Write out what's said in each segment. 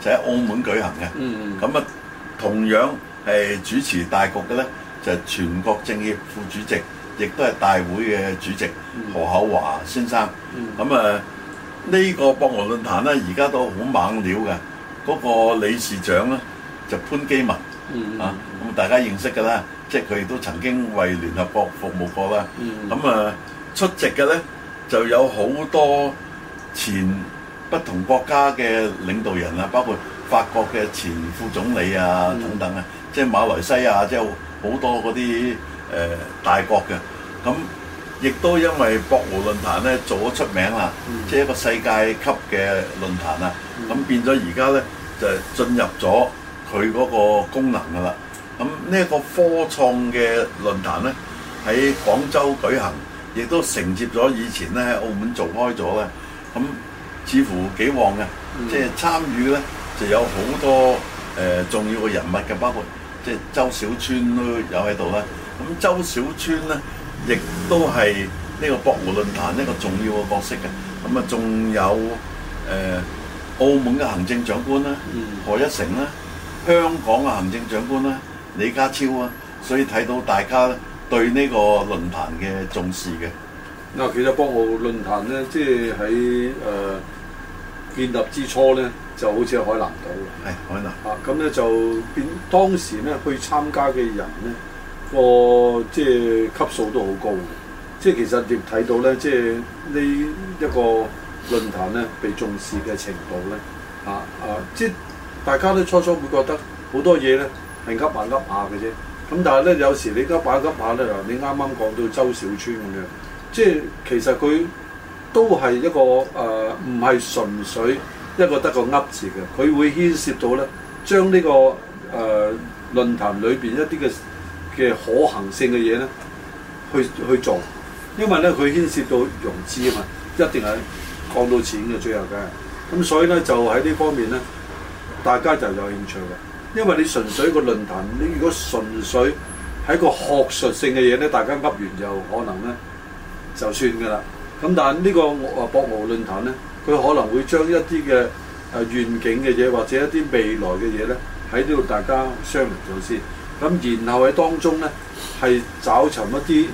就喺澳門舉行嘅，咁啊、嗯、同樣係主持大局嘅咧，就係、是、全國政協副主席，亦都係大會嘅主席、嗯、何厚華先生。咁、嗯嗯、啊呢、這個博鰲論壇咧，而家都好猛料嘅，嗰、那個理事長咧就潘基文、嗯嗯、啊，咁大家認識㗎啦，即係佢哋都曾經為聯合國服務過啦。咁啊出席嘅咧就有好多前。不同國家嘅領導人啊，包括法國嘅前副總理啊等等啊，即係馬來西亞，即係好多嗰啲誒大國嘅，咁亦都因為博鰲論壇咧做咗出名啦，即係一個世界級嘅論壇啊，咁變咗而家咧就進入咗佢嗰個功能噶啦，咁呢一個科創嘅論壇咧喺廣州舉行，亦都承接咗以前咧喺澳門做開咗嘅，咁。似乎幾旺嘅，即係參與咧就有好多誒、呃、重要嘅人物嘅，包括即係周小川都有喺度啦。咁周小川咧，亦都係呢個博鰲論壇一個重要嘅角色嘅。咁啊，仲有誒澳門嘅行政長官啦，何一成啦，香港嘅行政長官啦，李家超啊，所以睇到大家對呢個論壇嘅重視嘅。嗱、呃，其實博鰲論壇咧，即係喺誒。呃建立之初咧，就好似海南島嘅，係海南。啊，咁咧就變當時咧去參加嘅人咧，個即係級數都好高。即係其實亦睇到咧，即係呢一個論壇咧被重視嘅程度咧，啊啊！即係大家都初初會覺得好多嘢咧係噏下噏下嘅啫。咁但係咧，有時你噏下噏下咧，嗱，你啱啱講到周小川咁樣，即係其實佢。都係一個誒，唔係純粹一個得個噏字嘅，佢會牽涉到咧，將呢個誒論壇裏邊一啲嘅嘅可行性嘅嘢咧，去去做，因為咧佢牽涉到融資啊嘛，一定係降到錢嘅最後嘅，咁所以咧就喺呢方面咧，大家就有興趣嘅，因為你純粹一個論壇，你如果純粹係一個學術性嘅嘢咧，大家噏完就可能咧就算㗎啦。咁但係呢個誒博鰲論壇呢，佢可能會將一啲嘅誒願景嘅嘢，或者一啲未來嘅嘢呢，喺呢度大家商量咗先。咁然後喺當中呢，係找尋一啲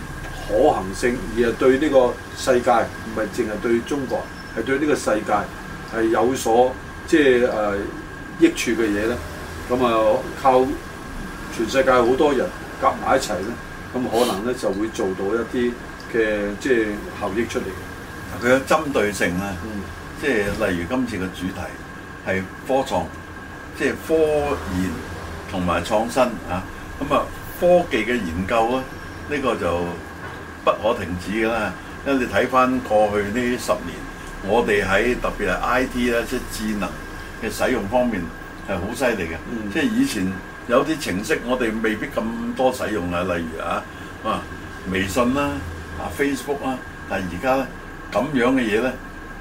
可行性，而係對呢個世界唔係淨係對中國，係對呢個世界係有所即係、呃、益處嘅嘢呢咁啊、嗯、靠全世界好多人夾埋一齊呢，咁可能呢就會做到一啲。嘅即係效益出嚟，嘅，佢有針對性啊！嗯、即係例如今次嘅主題，係科創，即係科研同埋創新啊！咁啊，科技嘅研究咧，呢、呢個就不可停止噶啦。因為你睇翻過去呢十年，我哋喺特別係 I T 啦，即係智能嘅使用方面係好犀利嘅。嗯、即係以前有啲程式我哋未必咁多使用啊，例如啊，啊微信啦。啊啊 Facebook 啦，但係而家咧咁樣嘅嘢咧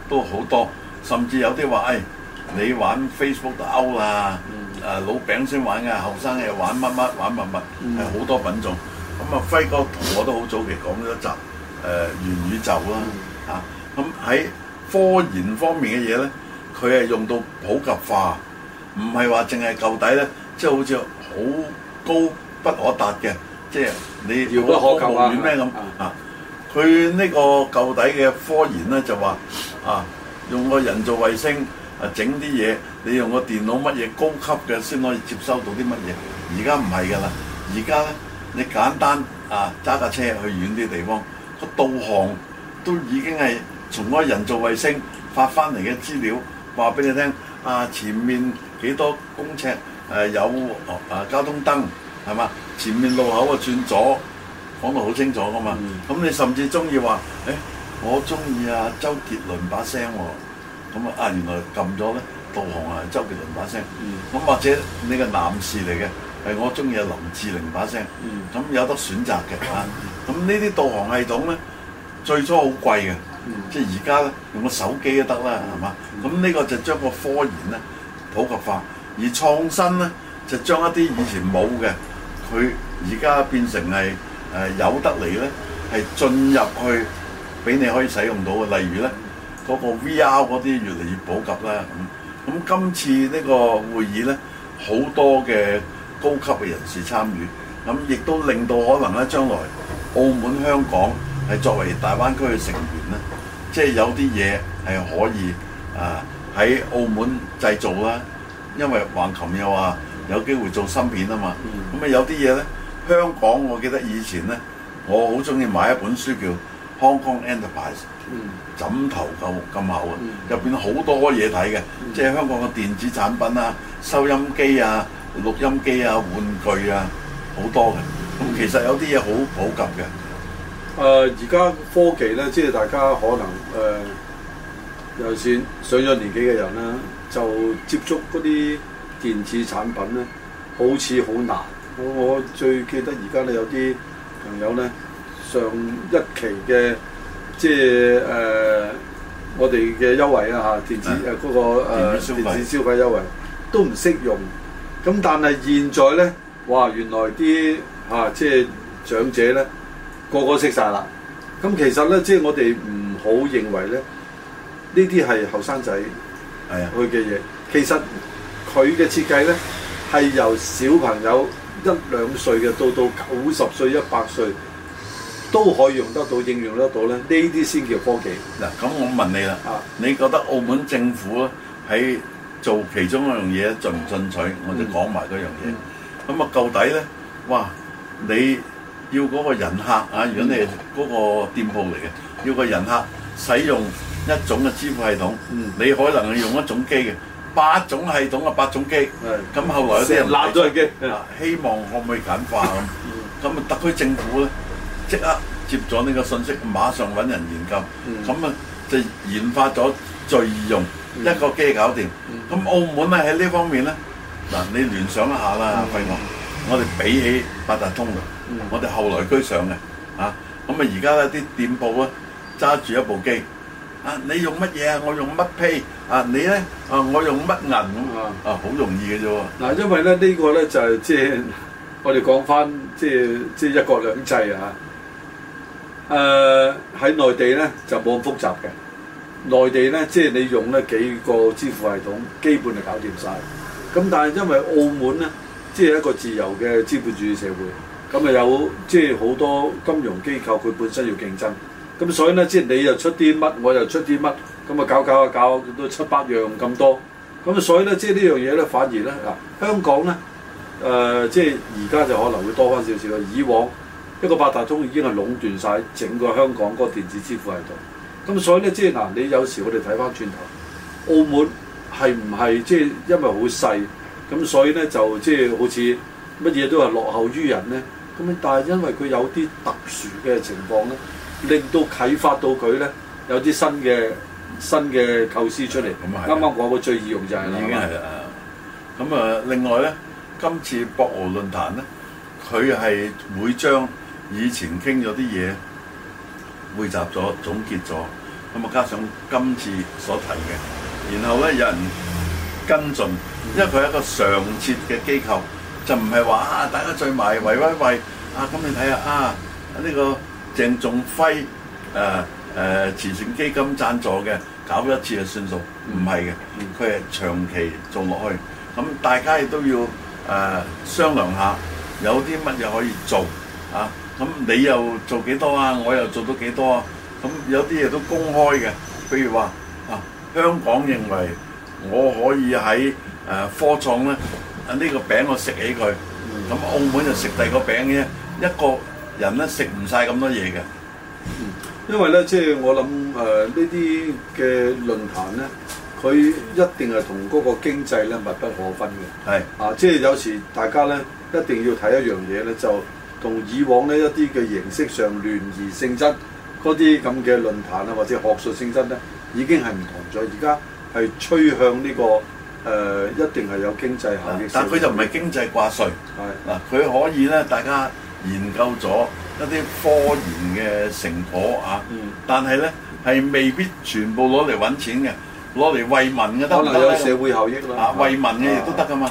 都好多，甚至有啲話誒，你玩 Facebook 都 out 啦，誒老餅先玩嘅，後生嘅玩乜乜玩乜乜，係好、嗯、多品種。咁啊輝哥同我都好早期講咗一集誒、呃、元宇宙啦，嗯、啊咁喺科研方面嘅嘢咧，佢係用到普及化，唔係話淨係夠底咧，即、就、係、是、好似好高不可達嘅，即、就、係、是、你我要我可唔可咩咁啊？佢呢個舊底嘅科研呢，就話啊，用個人造衛星啊整啲嘢，你用個電腦乜嘢高級嘅先可以接收到啲乜嘢？而家唔係㗎啦，而家呢，你簡單啊揸架車去遠啲地方，個導航都已經係從個人造衛星發翻嚟嘅資料話俾你聽啊，前面幾多公尺誒、啊、有、啊、交通燈係嘛？前面路口啊轉左。講到好清楚㗎嘛，咁你、嗯、甚至中意話，誒、欸，我中意啊周杰倫把聲喎，咁啊啊原來撳咗咧，導航啊周杰倫把聲，咁、嗯、或者你個男士嚟嘅，係我中意啊林志玲把聲，咁、嗯、有得選擇嘅，咁呢啲導航系統咧，最初好貴嘅，嗯、即係而家咧用個手機都得啦，係嘛？咁呢、嗯、個就將個科研咧普及化，而創新咧就將一啲以前冇嘅，佢而家變成係。誒有得嚟咧，係進入去俾你可以使用到嘅，例如咧嗰個 VR 嗰啲越嚟越普及啦。咁咁今次呢個會議咧，好多嘅高級嘅人士參與，咁亦都令到可能咧，將來澳門香港係作為大灣區嘅成員咧，即係有啲嘢係可以啊喺澳門製造啦。因為橫琴又話有機會做芯片啊嘛，咁啊有啲嘢咧。香港，我記得以前咧，我好中意買一本書叫《Hong Kong Enterprise》，枕頭夠咁厚啊！入邊好多嘢睇嘅，即係香港嘅電子產品啊、收音機啊、錄音機啊、玩具啊，好多嘅。咁其實有啲嘢好普及嘅。誒，而家科技咧，即係大家可能誒又算上咗年紀嘅人咧，就接觸啲電子產品咧，好似好難。我我最記得而家咧，有啲朋友咧，上一期嘅即係誒、呃、我哋嘅優惠啊。嚇電子誒嗰個誒電子消費優惠都唔識用，咁但係現在咧，哇原來啲嚇、啊、即係長者咧個個識晒啦，咁其實咧即係我哋唔好認為咧呢啲係後生仔去嘅嘢，的其實佢嘅設計咧係由小朋友。一兩歲嘅到到九十歲一百歲都可以用得到應用得到咧，呢啲先叫科技。嗱，咁我問你啦，啊、你覺得澳門政府喺做其中一樣嘢進唔進取？我哋講埋嗰樣嘢。咁啊、嗯，到底咧，哇！你要嗰個人客啊，如果你係嗰個店鋪嚟嘅，嗯、要個人客使用一種嘅支付系統，嗯、你可能係用一種機嘅。八種系統啊，八種機，咁後來有啲人，鬧咗機希望可唔可以簡化咁，咁啊特區政府咧即刻接咗呢個信息，馬上揾人研究，咁啊就研發咗再用一個機搞掂。咁澳門咧喺呢方面咧，嗱，你聯想一下啦，費我，我哋比起八達通啊，我哋後來居上嘅，嚇，咁啊而家咧啲店鋪啊揸住一部機。啊！你用乜嘢啊？我用乜 pay 啊？你咧啊？我用乜銀咁啊？啊，好容易嘅啫喎！嗱，因為咧呢個咧就係即係我哋講翻，即係即係一國兩制啊。誒，喺內地咧就冇咁複雜嘅，內地咧即係你用咧幾個支付系統，基本就搞掂晒。咁但係因為澳門咧，即係一個自由嘅資本主義社會，咁啊有即係好多金融機構，佢本身要競爭。咁所以咧，即係你又出啲乜，我又出啲乜，咁啊搞搞下搞，都七八樣咁多。咁所以咧，即係呢樣嘢咧，反而咧嗱，香港咧，誒、呃，即係而家就可能會多翻少少。以往一個八達通已經係壟斷晒整個香港嗰個電子支付喺度。咁所以咧，即係嗱，你有時我哋睇翻轉頭，澳門係唔係即係因為好細，咁所以咧就即係好似乜嘢都係落後於人咧？咁但係因為佢有啲特殊嘅情況咧。令到啟發到佢咧，有啲新嘅新嘅構思出嚟、啊。咁啱啱講個最易用就係啦。已經係啦。咁啊，另外咧，今次博鰲論壇咧，佢係會將以前傾咗啲嘢匯集咗、總結咗，咁啊加上今次所提嘅，然後咧有人跟進，因為佢係一個常設嘅機構，就唔係話啊大家聚埋圍圍圍啊！咁你睇下啊呢個。鄭仲輝誒誒、呃呃、慈善基金贊助嘅，搞一次就算數，唔係嘅，佢係長期做落去。咁大家亦都要誒、呃、商量下，有啲乜嘢可以做啊？咁你又做幾多啊？我又做到幾多啊？咁有啲嘢都公開嘅，譬如話啊，香港認為我可以喺誒、呃、科創咧，呢、呢個餅我食起佢，咁澳門就食第二個餅嘅啫，一個。人咧，食唔晒咁多嘢嘅、嗯，因為咧即係我諗誒，呢啲嘅論壇呢，佢、就是呃、一定係同嗰個經濟呢密不可分嘅。係是啊，即係有時大家呢，一定要睇一樣嘢呢，就同以往呢一啲嘅形式上聯誼性質嗰啲咁嘅論壇啊，或者學術性質呢，已經係唔同咗。而家係趨向呢、呢個誒、呃，一定係有經濟效益，但佢就唔係經濟掛帥。係嗱是，佢是可以呢，大家。研究咗一啲科研嘅成果啊，但呢，但係咧係未必全部攞嚟揾錢嘅，攞嚟惠民嘅都得啦。可能有社會效益咯，惠民嘅亦都得噶嘛。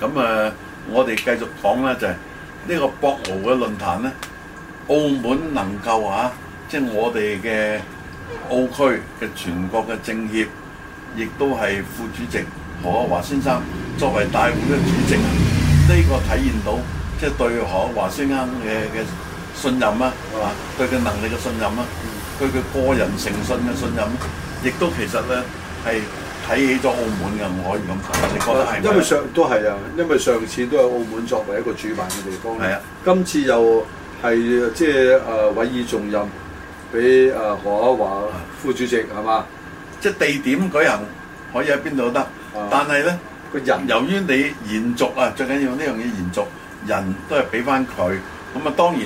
咁啊，呃、我哋繼續講啦，就係、是、呢、這個博鰲嘅論壇咧，澳門能夠啊，即、就、係、是、我哋嘅澳區嘅全國嘅政協，亦都係副主席何華先生作為大會嘅主席、啊、呢、這個體現到，即係對何華先生嘅嘅信任啊，係嘛？對佢能力嘅信任啊，對佢個人誠信嘅信任亦都其實咧係睇起咗澳門嘅，唔可以咁講，你覺得係咪？因為上都係啊，因為上次都係澳門作為一個主辦嘅地方，係啊，今次又係即係誒委以重任俾誒、呃、何華副主席係嘛？即係地點舉行可以喺邊度得？啊、但係咧個人，由於你延續啊，最緊要呢樣嘢延續。人都係俾翻佢，咁啊當然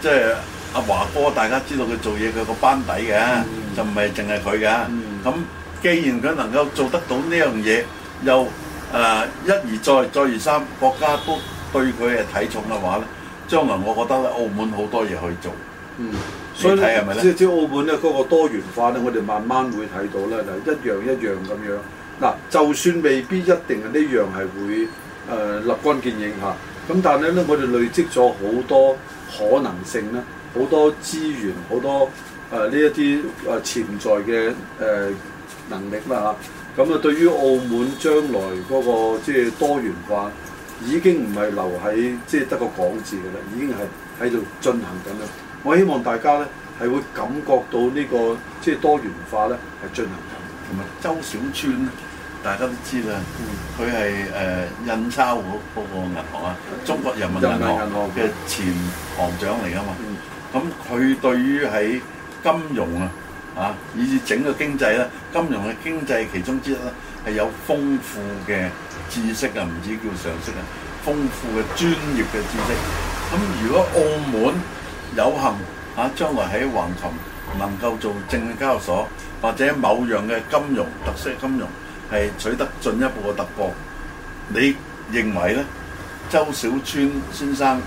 即係阿華哥，大家知道佢做嘢佢個班底嘅，嗯、就唔係淨係佢嘅。咁、嗯、既然佢能夠做得到呢樣嘢，又誒、呃、一而再，再而三，國家都對佢係睇重嘅話咧，將來我覺得咧澳門好多嘢去做。嗯，你睇係咪咧？即係澳門咧嗰個多元化咧，我哋慢慢會睇到咧，就一樣一樣咁樣。嗱，就算未必一定係呢樣係會。誒、呃、立竿見影嚇，咁但係咧，我哋累積咗好多可能性啦，好多資源，好多誒呢一啲誒潛在嘅誒、呃、能力啦嚇。咁、嗯、啊、嗯，對於澳門將來嗰、那個即係、就是、多元化，已經唔係留喺即係得個港字嘅啦，已經係喺度進行緊啦。我希望大家咧係會感覺到呢、這個即係、就是、多元化咧係進行緊，同埋周小川。大家都知啦，佢係誒印鈔嗰嗰個銀行啊，中國人民銀行嘅前行長嚟噶嘛。咁、嗯、佢、嗯、對於喺金融啊，啊，以至整個經濟咧，金融嘅經濟其中之一咧，係有豐富嘅知識啊，唔止叫常識啊，豐富嘅專業嘅知識。咁如果澳門有幸啊，將來喺橫琴能夠做證券交易所，或者某樣嘅金融特色金融。係取得進一步嘅突破，你認為呢？周小川先生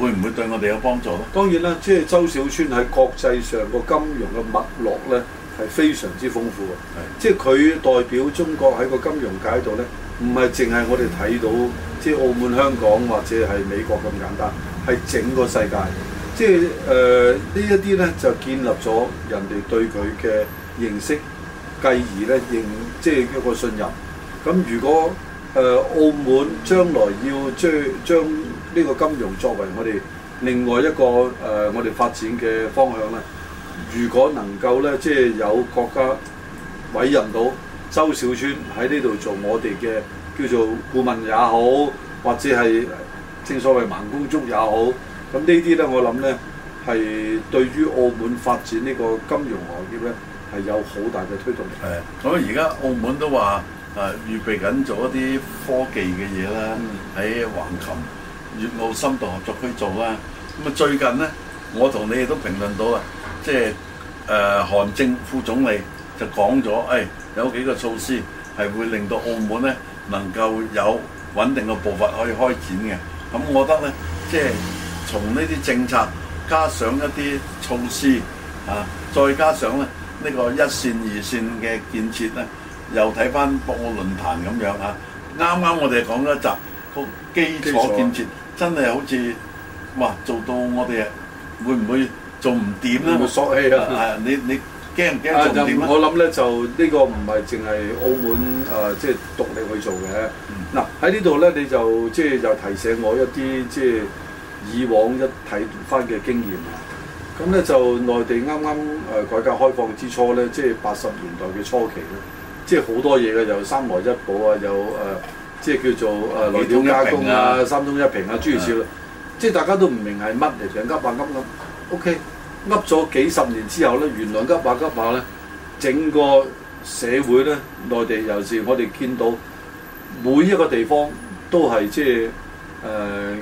會唔會對我哋有幫助呢？當然啦，即係周小川喺國際上個金融嘅脈絡呢，係非常之豐富嘅。即係佢代表中國喺個金融界度呢，唔係淨係我哋睇到即係澳門、香港或者係美國咁簡單，係整個世界。即係呢一啲呢，就建立咗人哋對佢嘅認識。繼而咧，認，即係一個信任。咁如果誒、呃、澳門將來要將將呢個金融作為我哋另外一個誒、呃、我哋發展嘅方向咧,如果能夠咧即係有國家委任到周小川喺呢度做我哋嘅，叫做顧問也好,或者係正所謂盲公竹也好,咁呢啲咧我諗咧係對於澳門發展呢個金融行業咧。係有好大嘅推動力。誒、嗯，咁而家澳門都話誒、呃、預備緊做一啲科技嘅嘢啦，喺、嗯、橫琴粵澳深度合作區做啦。咁、嗯、啊最近咧，我同你哋都評論到啊，即係誒、呃、韓正副總理就講咗，誒、哎、有幾個措施係會令到澳門咧能夠有穩定嘅步伐可以開展嘅。咁、嗯、我覺得咧，即係從呢啲政策加上一啲措施啊，再加上咧。呢個一線二線嘅建設咧，又睇翻博鰲論壇咁樣啊！啱啱我哋講一集個基礎建設真，真係好似哇做到我哋會唔會做唔掂咧？冇傻氣啊！係，你你驚唔驚做唔掂？我諗咧就呢、這個唔係淨係澳門誒，即係獨立去做嘅。嗱喺、 呃、呢度咧，你就即係就，就提醒我一啲即係以往一睇翻嘅經驗。咁咧就內地啱啱誒改革開放之初咧、就是，即係八十年代嘅初期咧，即係好多嘢嘅，有三來一補啊，有誒、呃、即係叫做誒內地加工啊，三通一平啊，諸如此類，是的 即係大家都唔明係乜嚟嘅，噏白噏噉。O K. 噏咗幾十年之後咧，原來噏白噏白咧，整個社會咧內地尤其係我哋見到每一個地方都係即係誒、呃、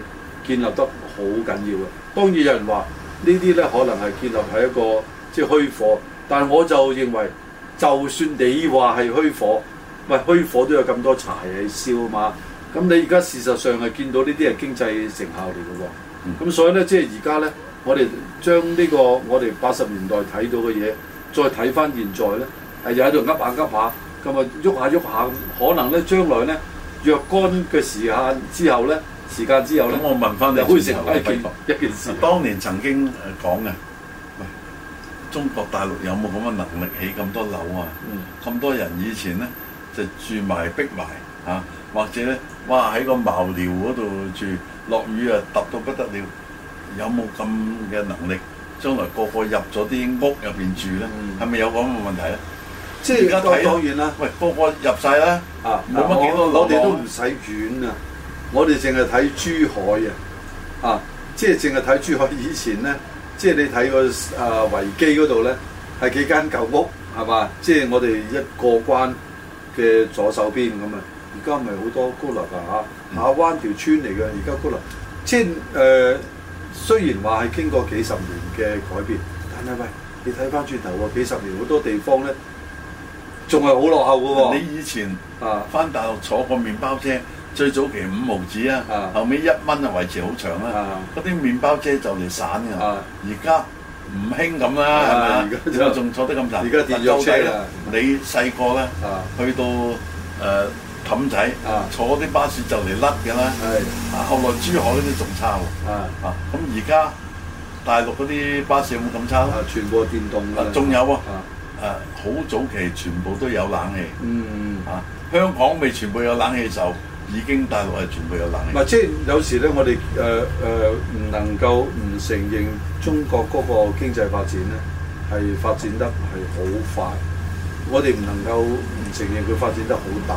建立得好緊要嘅。當然有人話。呢啲咧可能係建立係一個即係虛火，但係我就認為，就算你話係虛火，咪虛火都有咁多柴係燒嘛。咁你而家事實上係見到呢啲係經濟成效嚟嘅喎。咁所以咧，即係而家咧，我哋將呢個我哋八十年代睇到嘅嘢，再睇翻現在咧，係又喺度噏下噏下，咁啊喐下喐下，可能咧將來咧若干嘅時間之後咧。時間之後咧，我問翻你，一件事，當年曾經誒講嘅，喂，中國大陸有冇咁嘅能力起咁多樓啊？咁多人以前咧就住埋逼埋啊，或者咧哇喺個茅寮嗰度住，落雨啊揼到不得了，有冇咁嘅能力？將來個個入咗啲屋入邊住咧，係咪有咁嘅問題咧？即係而家都好遠啦，喂，個個入晒啦，啊，冇乜幾多樓我哋都唔使轉啊。我哋淨係睇珠海啊！啊，即係淨係睇珠海以前咧，即係你睇個啊維基嗰度咧，係幾間舊屋係嘛？即係我哋一過關嘅左手邊咁啊！而家唔係好多高樓啊嚇！下灣條村嚟嘅，而家高樓。即係誒、呃，雖然話係經過幾十年嘅改變，但係喂，你睇翻轉頭喎，幾十年好多地方咧，仲係好落後嘅喎、啊。你以前啊，翻大陸坐個麪包車。最早期五毫子啊，後尾一蚊啊維持好長啦。嗰啲麪包車就嚟散嘅，而家唔興咁啦，係咪啊？仲坐得咁長？而家電召車啦。你細個咧，去到誒氹仔坐啲巴士就嚟甩嘅啦。係，後來珠海嗰啲仲差喎。啊，咁而家大陸嗰啲巴士有冇咁差？誒，全部電動嘅。仲有喎。啊，好早期全部都有冷氣。嗯啊，香港未全部有冷氣就。已經大陸係全部有能力。唔係，即係有時咧，我哋誒誒唔能夠唔承認中國嗰個經濟發展咧，係發展得係好快。我哋唔能夠唔承認佢發展得好大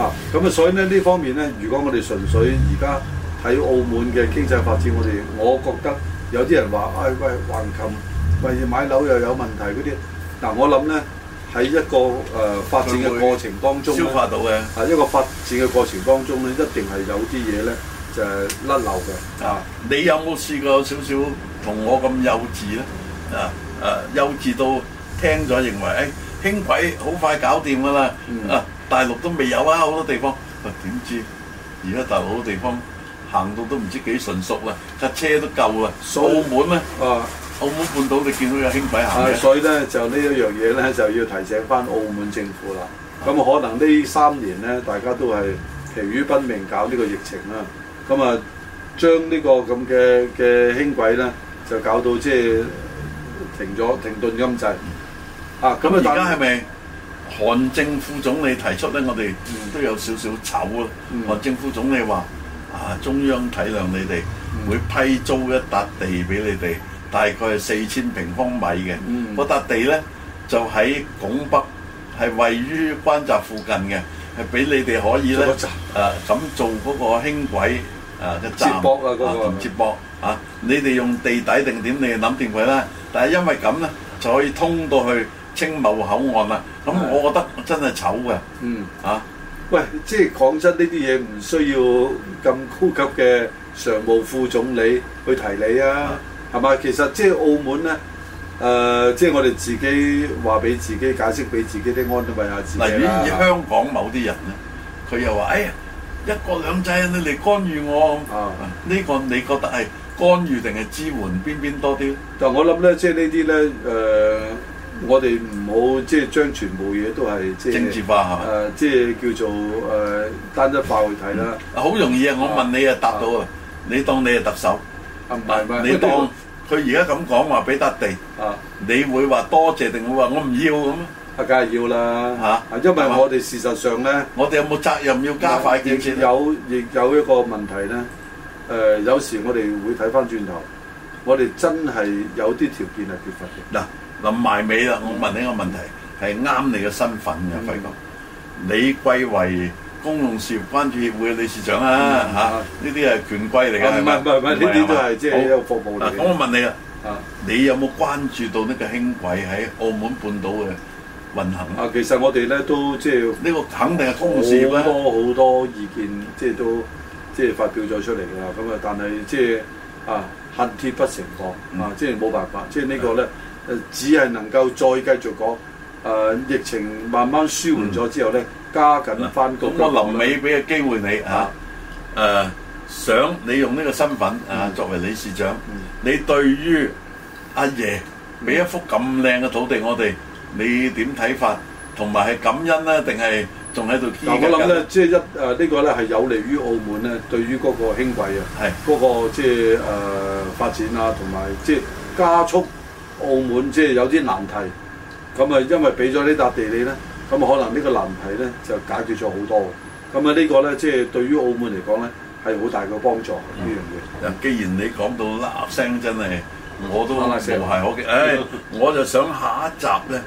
啊！咁啊，所以咧呢方面咧，如果我哋純粹而家睇澳門嘅經濟發展，我哋我覺得有啲人話，唉、哎，喂，橫琴，喂買樓又有問題嗰啲。嗱、啊，我諗咧。喺一個誒發展嘅過程當中消化到嘅，喺一個發展嘅過程當中咧，一定係有啲嘢咧就係甩漏嘅。啊，你有冇試過少少同我咁幼稚咧？啊啊，幼稚到聽咗認為誒輕軌好快搞掂㗎啦！啊，大陸都未有啦，好多地方。點知而家大陸好多地方行到都唔知幾純熟啦，架車都夠啊，澳門咩？啊！澳門半島你見到有輕軌行、啊、所以咧就呢一樣嘢咧就要提醒翻澳門政府啦。咁、啊、可能呢三年咧大家都係疲於奔命搞呢個疫情啦。咁啊，將呢個咁嘅嘅輕軌咧就搞到即係停咗停頓咁滯。嗯、啊，咁啊、嗯，而家係咪韓正副總理提出咧？我哋都有少少醜啊！韓、嗯、正副總理話：啊，中央體諒你哋，唔、嗯、會批租一笪地俾你哋。大概係四千平方米嘅，嗰笪、嗯、地咧就喺拱北，係位於關閘附近嘅，係俾你哋可以咧，啊咁做嗰個,、呃、個輕軌啊嘅站接駁啊嗰、嗰個，啊、接駁嚇、啊嗯，你哋用地底定點？你諗掂佢啦。但係因為咁咧，就可以通到去青茂口岸啦。咁我覺得真係醜嘅，嚇、嗯！啊、喂，即係講真，呢啲嘢唔需要咁高級嘅常務副總理去提你啊。啊啊係嘛？其實即係澳門咧，誒，即係我哋自己話俾自己解釋，俾自己啲安慰下自己。如果以香港某啲人咧，佢又話，哎呀，一國兩制，你嚟干預我？啊，呢個你覺得係干預定係支援邊邊多啲？但我諗咧，即係呢啲咧，誒，我哋唔好即係將全部嘢都係即係政治化嚇。誒，即係叫做誒單一化去睇啦。好容易啊！我問你啊，答到啊，你當你係特首，唔唔係，你當？佢而家咁講話俾笪地啊，你會話多謝定會話我唔要咁啊？梗係要啦嚇，因為我哋事實上咧，我哋有冇責任要加快建設？有亦有一個問題咧，誒有時我哋會睇翻轉頭，我哋真係有啲條件係缺乏嘅。嗱，臨埋尾啦，我問你個問題係啱你嘅身份嘅，費哥，你貴為？公共事業關注協會嘅理事長啊，嚇呢啲係權貴嚟嘅，唔係唔係唔係，呢啲都係即係一個服務嚟嘅。咁我問你啊，你有冇關注到呢個輕軌喺澳門半島嘅運行啊，其實我哋咧都即係呢個肯定係公共事業啦。好多好多意見即係都即係發表咗出嚟㗎，咁啊，但係即係啊，恨鐵不成鋼啊，即係冇辦法，即係呢個咧，誒只係能夠再繼續講。誒，疫情慢慢舒緩咗之後咧。加緊翻工。咁我臨尾俾個機會你嚇，誒想你用呢個身份啊作為理事長，你對於阿爺俾一幅咁靚嘅土地，我哋你點睇法？同埋係感恩咧，定係仲喺度？但我諗咧，即係一誒呢個咧係有利於澳門咧，對於嗰個輕軌啊，嗰個即係誒發展啊，同埋即係加速澳門即係有啲難題。咁啊，因為俾咗呢笪地理咧。咁可能呢個難題咧就解決咗好多，咁啊呢個咧即係對於澳門嚟講咧係好大嘅幫助呢樣嘢。嗱，既然你講到喇喇聲，真係我都無懈可擊。唉，我就想下一集咧，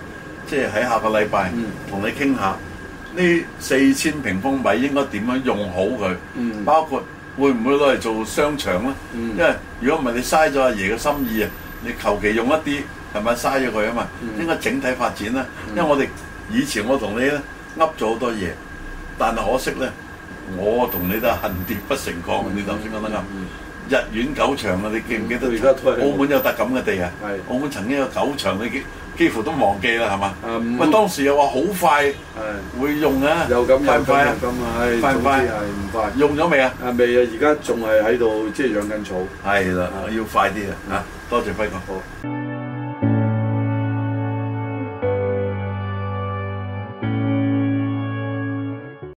即係喺下個禮拜同你傾下呢四千平方米應該點樣用好佢，包括會唔會攞嚟做商場咧？因為如果唔係你嘥咗阿爺嘅心意啊，你求其用一啲係咪嘥咗佢啊嘛？應該整體發展啦，因為我哋。以前我同你咧噏咗好多嘢，但係可惜咧，我同你都恨鐵不成鋼。你諗先，講得啱。逸園狗場啊！你記唔記得？而家推。澳門有笪咁嘅地啊！在在澳門曾經有狗場，你幾幾乎都忘記啦，係嘛？咪、嗯、當時又話好快，會用啊，有咁快快咁啊，唉，總之唔快。用咗未啊？啊未啊！而家仲係喺度，即係養緊草。係啦，要快啲啊！嚇，多謝輝哥。